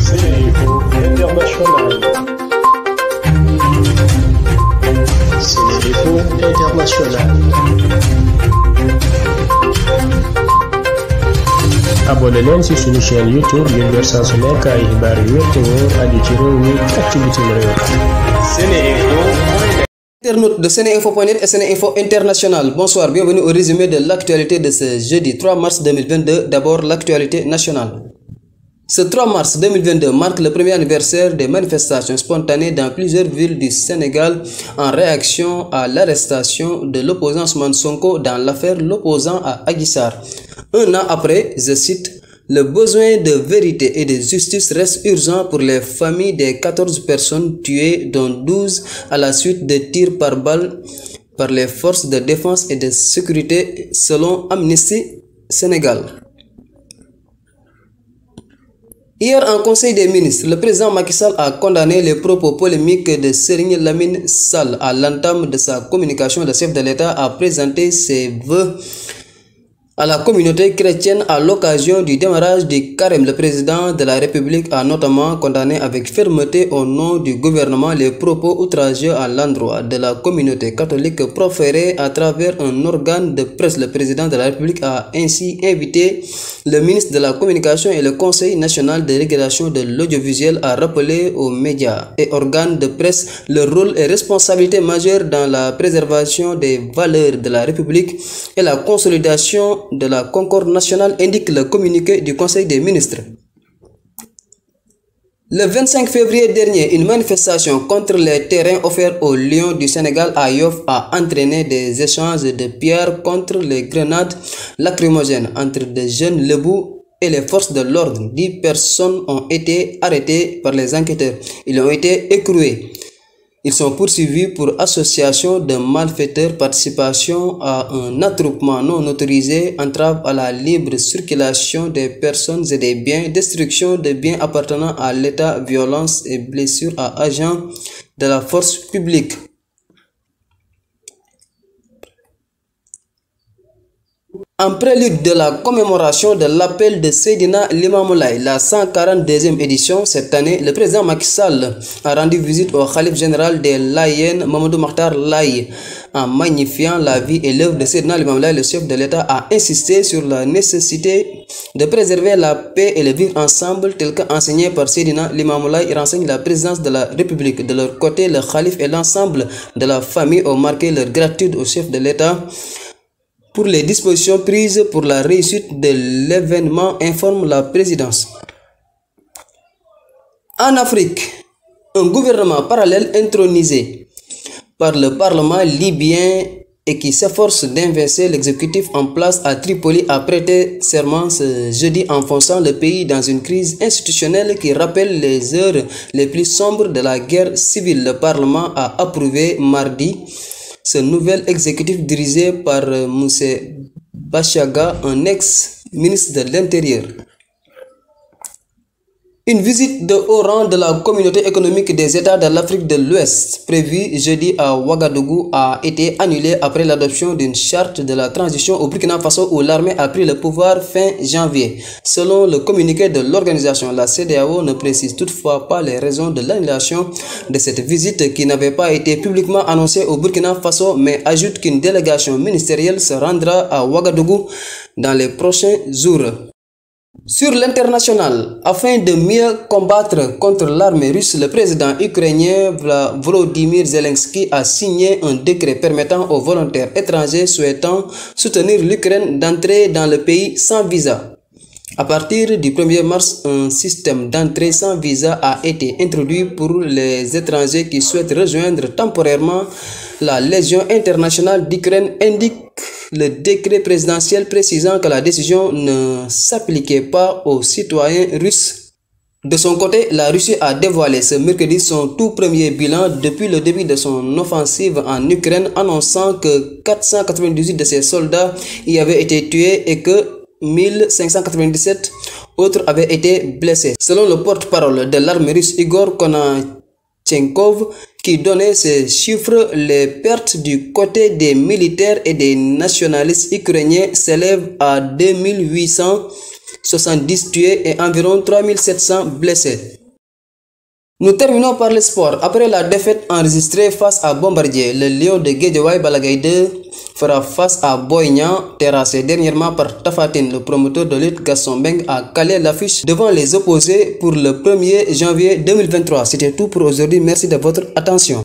Zéro international. Zéro international. abonné leen ci suñu chaîne YouTube yu jot saa su nekk ay xibaar yu te wóor aju ci réew mi ak ci bitim réew. Internautes de Sénéinfo.net et Sénéinfo International, bonsoir, bienvenue au résumé de l'actualité de ce jeudi 3 mars 2022. D'abord, l'actualité nationale. Ce 3 mars 2022 marque le premier anniversaire des manifestations spontanées dans plusieurs villes du Sénégal en réaction à l'arrestation de l'opposant Sonko dans l'affaire l'opposant à Aguissar. Un an après, je cite, Le besoin de vérité et de justice reste urgent pour les familles des 14 personnes tuées, dont 12 à la suite de tirs par bal par les forces de défense et de sécurité selon Amnesty Sénégal. Hier, en Conseil des ministres, le président Macky Sall a condamné les propos polémiques de Serigne Lamine Sall à l'entame de sa communication. de chef de l'État a présenté ses vœux à la communauté chrétienne à l'occasion du démarrage de carême. Le président de la République a notamment condamné avec fermeté au nom du gouvernement les propos outrageux à l'endroit de la communauté catholique proférés à travers un organe de presse. Le président de la République a ainsi invité le ministre de la Communication et le Conseil national de régulation de l'audiovisuel à rappeler au médias et organe de presse le rôle et responsabilité majeure dans la préservation des valeurs de la République et la consolidation de la concorde nationale, indique le communiqué du Conseil des ministres. Le 25 février dernier, une manifestation contre les terrains offerts aux Lions du Sénégal à Yoff a entraîné des échanges de pierres contre les grenades lacrymogènes entre des jeunes lebous et les forces de l'ordre. Dix personnes ont été arrêtées par les enquêteurs. Ils ont été écroués. Ils sont poursuivis pour association de malfaiteurs, participation à un attroupement non autorisé, entrave à la libre circulation des personnes et des biens, destruction de biens appartenant à l'État, violence et blessures à agents de la force publique. En prélude de la commémoration de l'appel de Seydina Limamoulaye, la 142e édition cette année, le président Macky Sall a rendu visite au Khalif général des Layennes, Mamadou Makhtar Laye. En magnifiant la vie et l'œuvre de Seydina Limamoulaye, le chef de l'État a insisté sur la nécessité de préserver la paix et le vivre ensemble tel qu'enseigné par Seydina Limamoulaye. Il renseigne la présidence de la République. De leur côté, le Khalif et l'ensemble de la famille ont marqué leur gratitude au chef de l'État. pour les dispositions prises pour la réussite de l'événement, informe la présidence. En Afrique, un gouvernement parallèle intronisé par le Parlement libyen et qui s'efforce d'inverser l'exécutif en place à Tripoli a prêté serment ce jeudi enfonçant le pays dans une crise institutionnelle qui rappelle les heures les plus sombres de la guerre civile. Le Parlement a approuvé mardi Ce nouvel exécutif dirigé par euh, M. Bachaga, un ex-ministre de l'Intérieur, Une visite de haut rang de la communauté économique des États de l'Afrique de l'Ouest, prévue jeudi à Ouagadougou, a été annulée après l'adoption d'une charte de la transition au Burkina Faso où l'armée a pris le pouvoir fin janvier. Selon le communiqué de l'organisation, la CDAO ne précise toutefois pas les raisons de l'annulation de cette visite qui n'avait pas été publiquement annoncée au Burkina Faso, mais ajoute qu'une délégation ministérielle se rendra à Ouagadougou dans Sur l'international, afin de mieux combattre contre l'armée russe, le président ukrainien Volodymyr Zelensky a signé un décret permettant aux volontaires étrangers souhaitant soutenir l'Ukraine d'entrer dans le pays sans visa. À partir du 1er mars, un système d'entrée sans visa a été introduit pour les étrangers qui souhaitent rejoindre temporairement la Légion internationale d'Ukraine, indique le décret présidentiel précisant que la décision ne s'appliquait pas aux citoyens russes. De son côté, la Russie a dévoilé ce mercredi son tout premier bilan depuis le début de son offensive en Ukraine, annonçant que 498 de ses soldats y avaient été tués et que 1597 autres avaient été blessés. Selon le porte-parole de l'armée russe Igor Konachenkov, qui donnait ces chiffres, les pertes du côté des militaires et des nationalistes ukrainiens s'élèvent à 2870 tués et environ 3700 blessés. Nous terminons par le sport. Après la défaite enregistrée face à Bombardier, le Lion de Guédiawaye Balagaï fera face à Boy Niang, terrassé dernièrement par Tafatine, le promoteur de lutte Gaston Beng a calé l'affiche devant les opposés pour le 1er janvier 2023. C'était tout pour aujourd'hui. Merci de votre attention.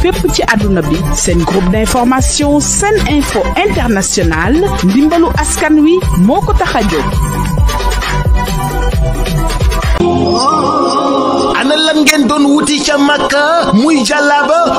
fépp ci àdduna bi seen groupe d'information seen info international ndimbalu askan wi moo ko tax a jóg ana lan ngeen doon wuti ca Makka muy jàllaaba